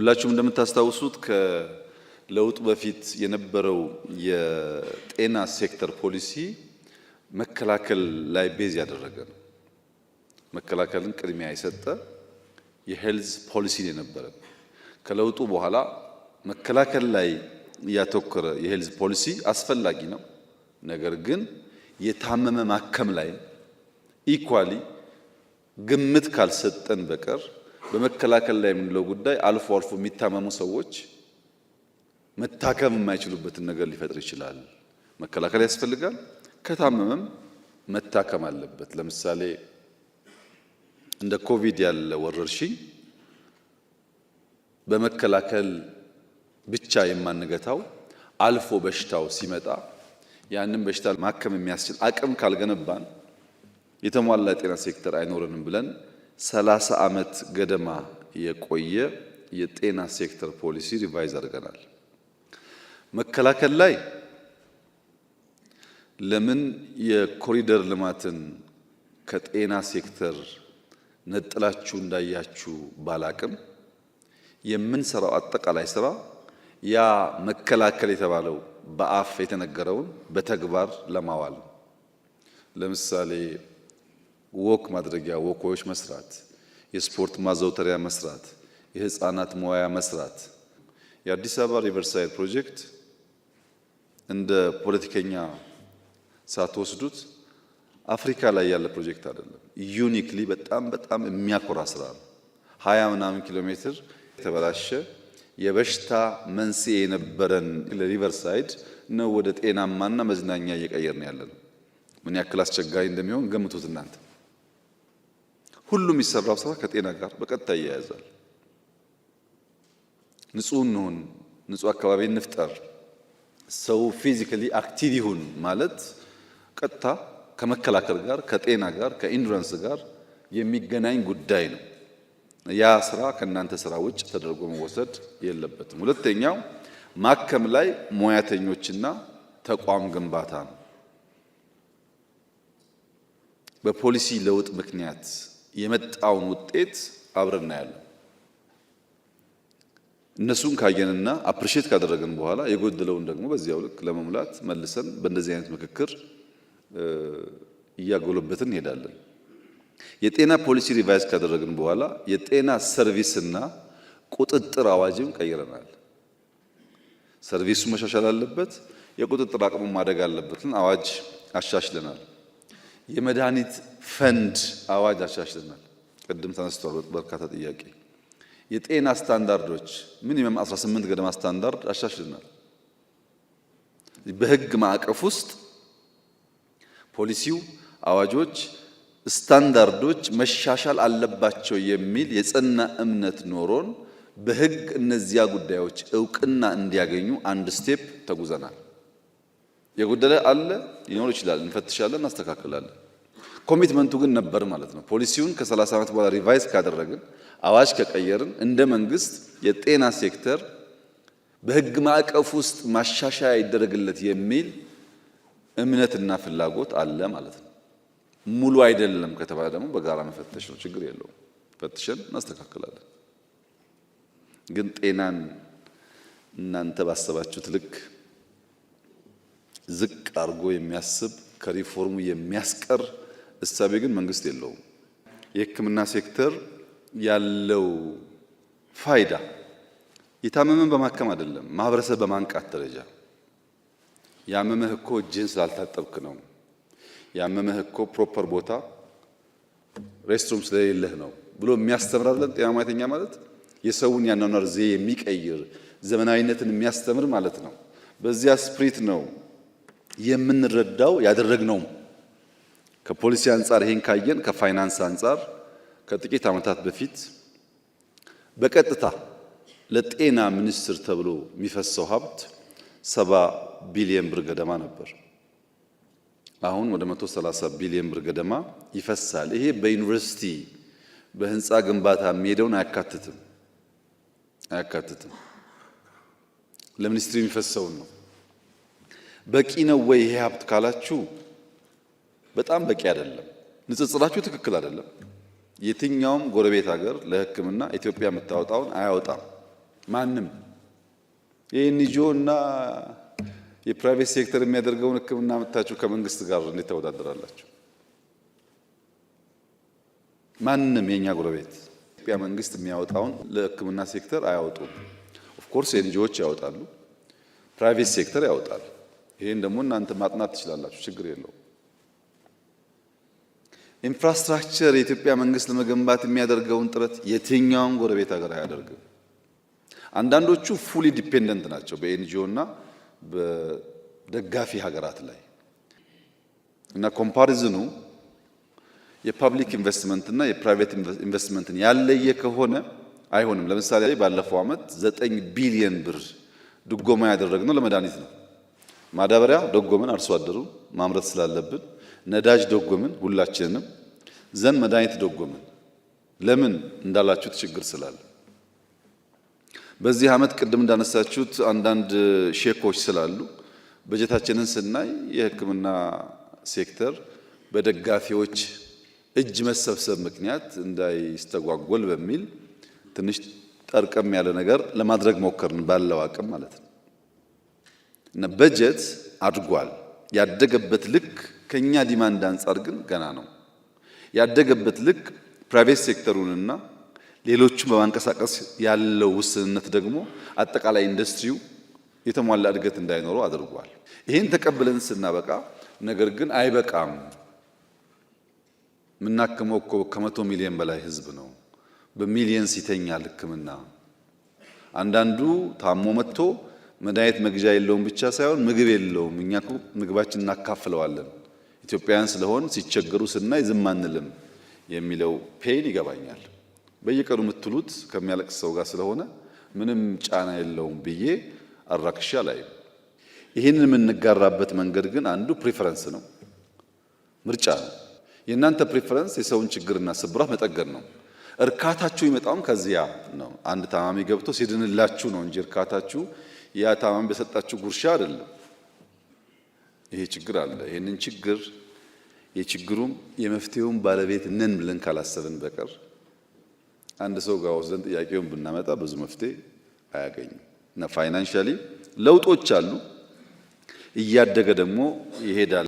ሁላችሁም እንደምታስታውሱት ከለውጥ በፊት የነበረው የጤና ሴክተር ፖሊሲ መከላከል ላይ ቤዝ ያደረገ ነው። መከላከልን ቅድሚያ የሰጠ የሄልዝ ፖሊሲ የነበረ ከለውጡ በኋላ መከላከል ላይ ያተኮረ የሄልዝ ፖሊሲ አስፈላጊ ነው። ነገር ግን የታመመ ማከም ላይ ኢኳሊ ግምት ካልሰጠን በቀር በመከላከል ላይ የምንለው ጉዳይ አልፎ አልፎ የሚታመሙ ሰዎች መታከም የማይችሉበትን ነገር ሊፈጥር ይችላል። መከላከል ያስፈልጋል። ከታመመም መታከም አለበት። ለምሳሌ እንደ ኮቪድ ያለ ወረርሽኝ በመከላከል ብቻ የማንገታው አልፎ በሽታው ሲመጣ ያንን በሽታ ማከም የሚያስችል አቅም ካልገነባን የተሟላ የጤና ሴክተር አይኖረንም ብለን ሰላሳ ዓመት ገደማ የቆየ የጤና ሴክተር ፖሊሲ ሪቫይዝ አድርገናል። መከላከል ላይ ለምን የኮሪደር ልማትን ከጤና ሴክተር ነጥላችሁ እንዳያችሁ ባላቅም የምንሰራው አጠቃላይ ስራ ያ መከላከል የተባለው በአፍ የተነገረውን በተግባር ለማዋል ለምሳሌ ወክ ማድረጊያ ወኮዎች መስራት፣ የስፖርት ማዘውተሪያ መስራት፣ የህፃናት መዋያ መስራት። የአዲስ አበባ ሪቨርሳይድ ፕሮጀክት እንደ ፖለቲከኛ ሳትወስዱት አፍሪካ ላይ ያለ ፕሮጀክት አይደለም። ዩኒክሊ በጣም በጣም የሚያኮራ ስራ ነው። ሀያ ምናምን ኪሎ ሜትር የተበላሸ የበሽታ መንስኤ የነበረን ለሪቨርሳይድ ነው ወደ ጤናማና መዝናኛ እየቀየርን ያለ ነው። ምን ያክል አስቸጋሪ እንደሚሆን ገምቱት እናንተ። ሁሉ የሚሰራው ስራ ከጤና ጋር በቀጥታ ይያያዛል። ንጹህ እንሁን፣ ንጹህ አካባቢ እንፍጠር፣ ሰው ፊዚካሊ አክቲቭ ይሁን ማለት ቀጥታ ከመከላከል ጋር ከጤና ጋር ከኢንዱራንስ ጋር የሚገናኝ ጉዳይ ነው። ያ ስራ ከእናንተ ስራ ውጭ ተደርጎ መወሰድ የለበትም። ሁለተኛው ማከም ላይ ሙያተኞችና ተቋም ግንባታ ነው። በፖሊሲ ለውጥ ምክንያት የመጣውን ውጤት አብረን እናያለን። እነሱን ካየንና አፕሪሼት ካደረግን በኋላ የጎደለውን ደግሞ በዚያው ልክ ለመሙላት መልሰን በእንደዚህ አይነት ምክክር እያጎለበትን እንሄዳለን። የጤና ፖሊሲ ሪቫይዝ ካደረግን በኋላ የጤና ሰርቪስና ቁጥጥር አዋጅም ቀይረናል። ሰርቪሱ መሻሻል አለበት፣ የቁጥጥር አቅሙ ማደግ አለበትን አዋጅ አሻሽለናል። የመድኃኒት ፈንድ አዋጅ አሻሽለናል። ቅድም ተነስቷል በርካታ ጥያቄ። የጤና ስታንዳርዶች ሚኒመም 18 ገደማ ስታንዳርድ አሻሽልናል። በህግ ማዕቀፍ ውስጥ ፖሊሲው፣ አዋጆች፣ ስታንዳርዶች መሻሻል አለባቸው የሚል የጸና እምነት ኖሮን በህግ እነዚያ ጉዳዮች እውቅና እንዲያገኙ አንድ ስቴፕ ተጉዘናል። የጎደለ አለ ሊኖር ይችላል፣ እንፈትሻለን፣ እናስተካክላለን። ኮሚትመንቱ ግን ነበር ማለት ነው። ፖሊሲውን ከ30 ዓመት በኋላ ሪቫይዝ ካደረግን አዋጅ ከቀየርን እንደ መንግስት የጤና ሴክተር በህግ ማዕቀፍ ውስጥ ማሻሻያ ይደረግለት የሚል እምነትና ፍላጎት አለ ማለት ነው። ሙሉ አይደለም ከተባለ ደግሞ በጋራ መፈተሽ ነው፣ ችግር የለውም። ፈትሸን እናስተካክላለን። ግን ጤናን እናንተ ባሰባችሁት ልክ ዝቅ አድርጎ የሚያስብ ከሪፎርሙ የሚያስቀር እሳቤ ግን መንግስት የለውም። የህክምና ሴክተር ያለው ፋይዳ የታመመን በማከም አይደለም፣ ማህበረሰብ በማንቃት ደረጃ ያመመህ እኮ እጅህን ስላልታጠብክ ነው፣ ያመመህ እኮ ፕሮፐር ቦታ ሬስትሩም ስለሌለህ ነው ብሎ የሚያስተምር አይደለም። ጤና ማየተኛ ማለት የሰውን ያኗኗር ዜ የሚቀይር ዘመናዊነትን የሚያስተምር ማለት ነው። በዚያ ስፕሪት ነው የምንረዳው ነው ከፖሊሲ አንጻር ይሄን ካየን ከፋይናንስ አንጻር ከጥቂት ዓመታት በፊት በቀጥታ ለጤና ሚኒስቴር ተብሎ የሚፈሰው ሀብት ሰባ ቢሊየን ብር ገደማ ነበር። አሁን ወደ 130 ቢሊየን ብር ገደማ ይፈሳል። ይሄ በዩኒቨርሲቲ በህንፃ ግንባታ የሚሄደውን አያካትትም አያካትትም ለሚኒስትሪ የሚፈሰውን ነው። በቂ ነው ወይ ይሄ ሀብት ካላችሁ በጣም በቂ አይደለም። ንጽጽራችሁ ትክክል አይደለም። የትኛውም ጎረቤት ሀገር ለሕክምና ኢትዮጵያ የምታወጣውን አያወጣም ማንም። የኤንጂኦ እና የፕራይቬት ሴክተር የሚያደርገውን ሕክምና መታችሁ ከመንግስት ጋር እንዴት ተወዳደራላችሁ? ማንም የእኛ ጎረቤት ኢትዮጵያ መንግስት የሚያወጣውን ለሕክምና ሴክተር አያወጡም። ኦፍኮርስ የኤንጂኦዎች ያወጣሉ፣ ፕራይቬት ሴክተር ያወጣሉ። ይሄን ደግሞ እናንተ ማጥናት ትችላላችሁ፣ ችግር የለው። ኢንፍራስትራክቸር የኢትዮጵያ መንግስት ለመገንባት የሚያደርገውን ጥረት የትኛውን ጎረቤት ሀገር አያደርግም። አንዳንዶቹ ፉሊ ዲፔንደንት ናቸው በኤንጂኦ እና በደጋፊ ሀገራት ላይ እና ኮምፓሪዝኑ የፐብሊክ ኢንቨስትመንት እና የፕራይቬት ኢንቨስትመንትን ያለየ ከሆነ አይሆንም። ለምሳሌ ባለፈው ዓመት ዘጠኝ ቢሊየን ብር ድጎማ ያደረግነው ለመድኃኒት ነው። ማዳበሪያ ደጎምን፣ አርሶ አደሩ ማምረት ስላለብን፣ ነዳጅ ደጎምን፣ ሁላችንንም ዘን መድኃኒት ደጎምን። ለምን እንዳላችሁት ችግር ስላለ በዚህ ዓመት ቅድም እንዳነሳችሁት አንዳንድ ሼኮች ስላሉ በጀታችንን ስናይ የሕክምና ሴክተር በደጋፊዎች እጅ መሰብሰብ ምክንያት እንዳይስተጓጎል በሚል ትንሽ ጠርቀም ያለ ነገር ለማድረግ ሞከርን፣ ባለው አቅም ማለት ነው። እና በጀት አድጓል። ያደገበት ልክ ከኛ ዲማንድ አንጻር ግን ገና ነው። ያደገበት ልክ ፕራይቬት ሴክተሩንና ሌሎቹን በማንቀሳቀስ ያለው ውስንነት ደግሞ አጠቃላይ ኢንዱስትሪው የተሟላ እድገት እንዳይኖረው አድርጓል። ይህን ተቀብለን ስናበቃ ነገር ግን አይበቃም። የምናክመው እኮ ከመቶ ሚሊዮን በላይ ህዝብ ነው። በሚሊየንስ ይተኛል ህክምና አንዳንዱ ታሞ መጥቶ መድኃኒት መግዣ የለውም ብቻ ሳይሆን ምግብ የለውም። እኛ ምግባችን እናካፍለዋለን። ኢትዮጵያውያን ስለሆን ሲቸገሩ ስናይ ዝም አንልም የሚለው ፔን ይገባኛል። በየቀኑ የምትሉት ከሚያለቅ ሰው ጋር ስለሆነ ምንም ጫና የለውም ብዬ አራክሻ ላይ ይህንን የምንጋራበት መንገድ ግን አንዱ ፕሪፈረንስ ነው፣ ምርጫ ነው። የእናንተ ፕሪፈረንስ የሰውን ችግርና ስብራት መጠገን ነው። እርካታችሁ ይመጣውም ከዚያ ነው። አንድ ታማሚ ገብቶ ሲድንላችሁ ነው እንጂ እርካታችሁ ያ ታማሚ በሰጣችሁ ጉርሻ አይደለም። ይሄ ችግር አለ። ይህንን ችግር የችግሩም የመፍትሄውም ባለቤት ነን ብለን ካላሰብን በቀር አንድ ሰው ጋር ወስደን ጥያቄውን ብናመጣ ብዙ መፍትሄ አያገኝም እና ፋይናንሻሊ ለውጦች አሉ። እያደገ ደግሞ ይሄዳል።